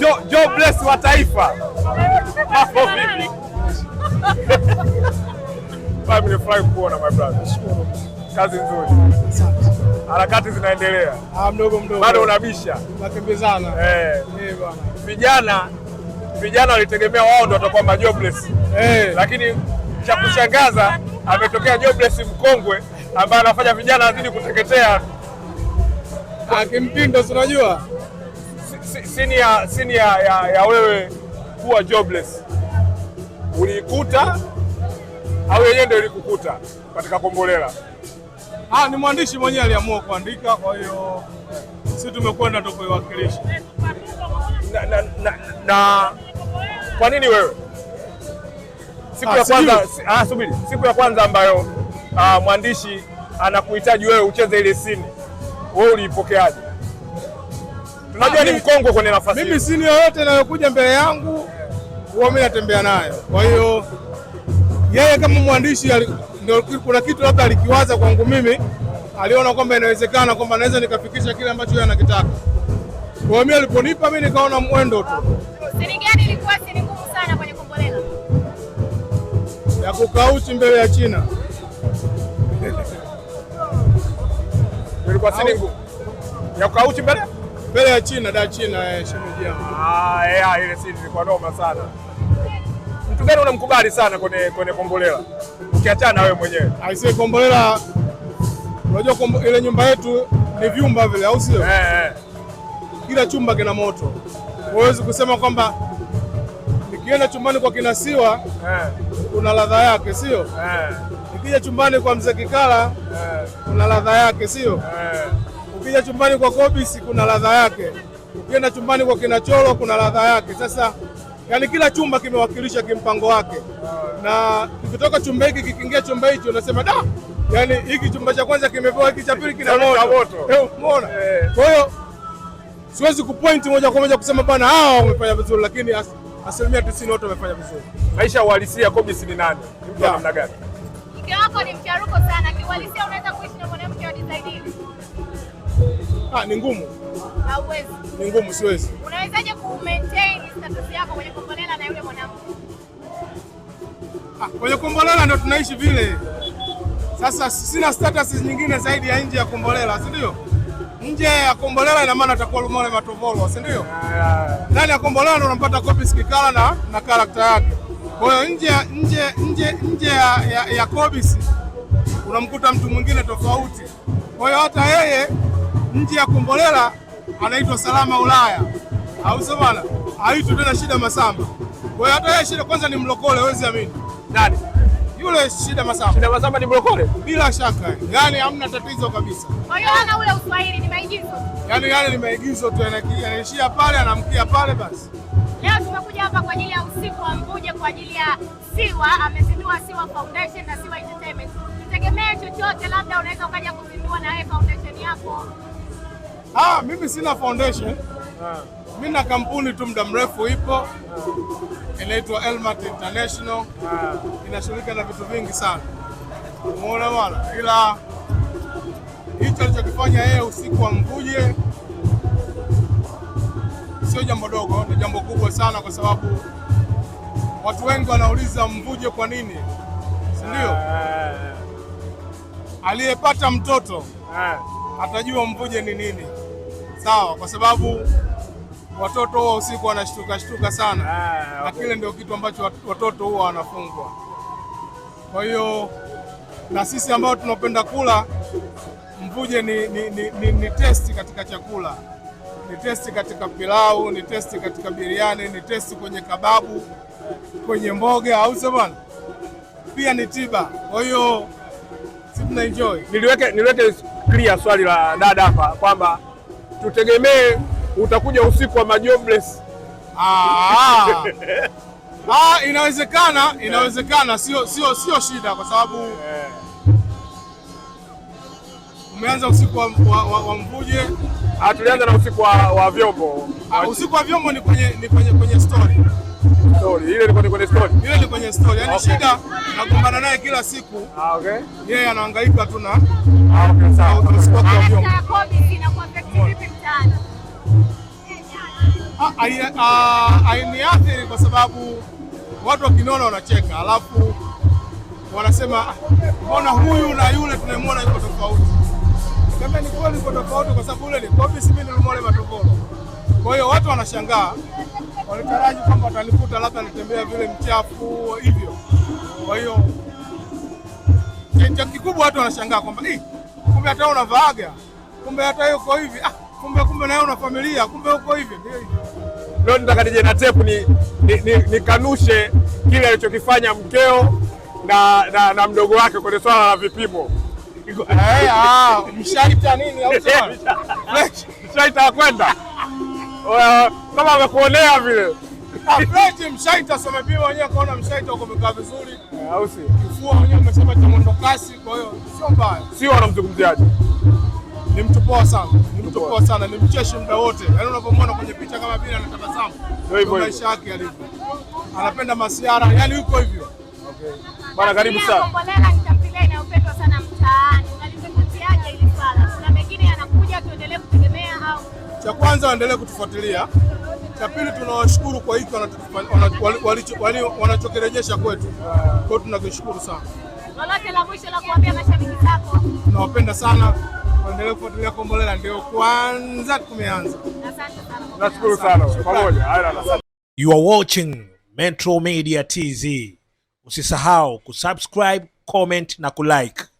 Jobless wa taifa mambo vipi? Nimefurahi kuona my brother, kazi nzuri, harakati zinaendelea Ah, mdogo mdogo, bado unabisha, tunakimbizana eh Eh, bwana. Vijana vijana walitegemea wao ndio watakuwa jobless eh, lakini cha kushangaza ametokea jobless mkongwe ambaye anafanya vijana wazidi kuteketea kimpindo, unajua sini ya, sini ya, ya, ya wewe kuwa jobless uliikuta au yeye ndio ilikukuta katika Kombolela? Ah, ni mwandishi mwenyewe aliamua kuandika, kwa hiyo sisi tumekwenda tu kuiwakilisha. Na, na, na, na kwa nini wewe siku ah, ya kwanza ah, subiri, siku ya kwanza ambayo ah, mwandishi anakuhitaji wewe ucheze ile sini, wewe uliipokeaje? Unajua ni mkongwe kwenye nafasi Mimi sini yoyote inayokuja mbele yangu huwa mimi natembea nayo. Kwa hiyo yeye kama mwandishi kuna kitu labda alikiwaza kwangu mimi, aliona kwamba inawezekana kwamba naweza nikafikisha kile ambacho yeye anakitaka. Kwa mimi aliponipa mimi nikaona mwendo tu. Siri gani ilikuwa siri ngumu sana kwenye Kombolela? Ya kukauchi mbele ya China. Ilikuwa siri ngumu. Ya kukauchi mbele mbele ya China da China eh, Ah, yeah, eh, ile siri ilikuwa noma sana. Mtu gani unamkubali sana kwenye kwenye Kombolela? Ukiachana wewe mwenyewe. Aisee, ah, Kombolela unajua ile nyumba yetu ni vyumba vile au sio? Eh, eh. Kila chumba kina moto. Huwezi kusema kwamba nikienda chumbani kwa kinasiwa eh, kuna ladha yake sio? Eh. Nikija chumbani kwa mzee Kikala eh, kuna ladha yake sio? Eh. Ukija chumbani kwa Kobis kuna ladha yake, ukienda chumbani kwa Kinacholo kuna ladha yake. Sasa yani kila chumba kimewakilisha kimpango wake, na tukitoka chumba hiki kikiingia chumba hicho unasema da, yani hiki chumba cha kwanza kimepewa hiki cha pili kina moto. Eh, umeona? Eh. Kwa hiyo siwezi kupointi moja kwa moja kusema bana hawa wamefanya vizuri, lakini as, asilimia tisini wote wamefanya vizuri. Maisha ya uhalisia Kobisi ni nani? Ni mtu namna gani? Mke wako ni mcharuko sana, kiuhalisia unaweza kuishi na mwanamke wa design Ah, ni ngumu. Hauwezi. Ni ngumu, siwezi. Unawezaje ku maintain status yako kwenye Kombolela na yule mwanamke? Ah, kwenye Kombolela ndo tunaishi vile. Sasa sina status nyingine zaidi ya nje ya Kombolela, si ndio? Nje ya Kombolela ina maana takuwa Lumole Matovolo, si ndio? Ndani ya Kombolela ndo unampata Kobisi Kikala na na karakta yake. Kwa hiyo nje nje nje nje ya, ya, ya Kobisi unamkuta mtu mwingine tofauti. Kwa hiyo hata yeye nje ya Kombolela anaitwa salama Ulaya, au sio bwana? Haitu tena Shida Masamba. Kwa hiyo hata yeye Shida kwanza ni mlokole, huwezi amini. Nani? Yule Shida Masamba. Shida Masamba ni mlokole? Bila shaka. yani hamna tatizo kabisa. Kwa hiyo ana ule uswahili ni maigizo. yani yale ni maigizo tu, anaishia pale, anamkia pale basi. Leo tumekuja hapa kwa ajili ya usiku wa Mbuje kwa ajili ya Siwa, amezindua Siwa Foundation na Siwa Entertainment. Tutegemee chochote, labda unaweza ukaja kuzindua na yeye foundation yako. Ah, mimi sina foundation. Ah. Mimi na kampuni tu muda mrefu ipo ah. inaitwa Elmat International, ah. Inashirika na vitu vingi sana muone wala, ila hicho alichokifanya yeye usiku wa Mvuje sio jambo dogo, ni jambo kubwa sana, kwa sababu watu wengi wanauliza Mvuje kwa nini, si ndio? Aliyepata mtoto atajua Mvuje ni nini sawa, kwa sababu watoto huwa usiku wanashtuka shtuka sana ah, na okay. Kile ndio kitu ambacho watoto huwa wanafungwa. Kwa hiyo na sisi ambao tunapenda kula mvuje ni, ni, ni, ni, ni testi katika chakula, ni testi katika pilau, ni testi katika biriani, ni testi kwenye kababu, kwenye mboga, au sio bwana? Pia ni tiba. Kwa hiyo si tuna enjoy. Niliweke niliweke clear swali la dada hapa kwamba tutegemee utakuja usiku wa majobless. Ah, ah, ah, inawezekana, inawezekana, sio sio sio shida, kwa sababu umeanza usiku wa, wa, wa, wa mvuje. Ah, tulianza na usiku wa, wa vyombo. Ah, usiku wa vyombo ni kwenye ni kwenye kwenye story story ile ilikuwa ni kwenye story ile ni kwenye story, yani okay. Shida nakumbana naye kila siku ah, okay. Yeye anahangaika tu na ah, okay, sawa. Usiku wa vyombo Ah, Ainiathiri ah, kwa sababu watu wakinona wanacheka, alafu wanasema ah, mbona huyu na yule tunamwona yuko tofauti. Kama ni kweli yuko tofauti, kwa sababu yule ni kopi, si mimi nilimwona Matogoro. Kwa hiyo watu wanashangaa, walitaraji kwamba watalikuta labda nitembea vile mchafu hivyo. Kwa hiyo cha kikubwa watu wanashangaa kwamba kumbe hata unavaaga, kumbe hata yuko hivi ah kumbe kumbe nawe una familia, kumbe huko hivi. Leo nataka nije na tepu nikanushe ni, ni kile alichokifanya mkeo na, na, na mdogo wake kwenye swala la vipimo. Hey, eh, ah, mshaita nini au mshaita kwenda kama amekuonea vile ah, mshaita wenyewe kaona mshaita uko vizuri, eh, au si? Kifua wenyewe umesema cha mwendo kasi, kwa hiyo sio mbaya. Sio, ni mtu poa sana, ni mtu poa sana, ni mcheshi muda wote. Yaani unapomwona kwenye picha kama vile anatabasamu, ndio hivyo maisha yake yalivyo, anapenda masiara, yani yuko hivyo. Okay bwana, karibu sana. Cha kwanza waendelee kutufuatilia, cha pili tunawashukuru kwa hiki wanachokirejesha kwetu, kwa hiyo tunakishukuru sana. Lolote la mwisho la kuambia mashabiki zako? Tunawapenda sana Tuendelee kufuatilia Kombolela, ndio kwanza Nashukuru sana pamoja. You are watching Metro Media tv Usisahau kusubscribe, comment na kulike.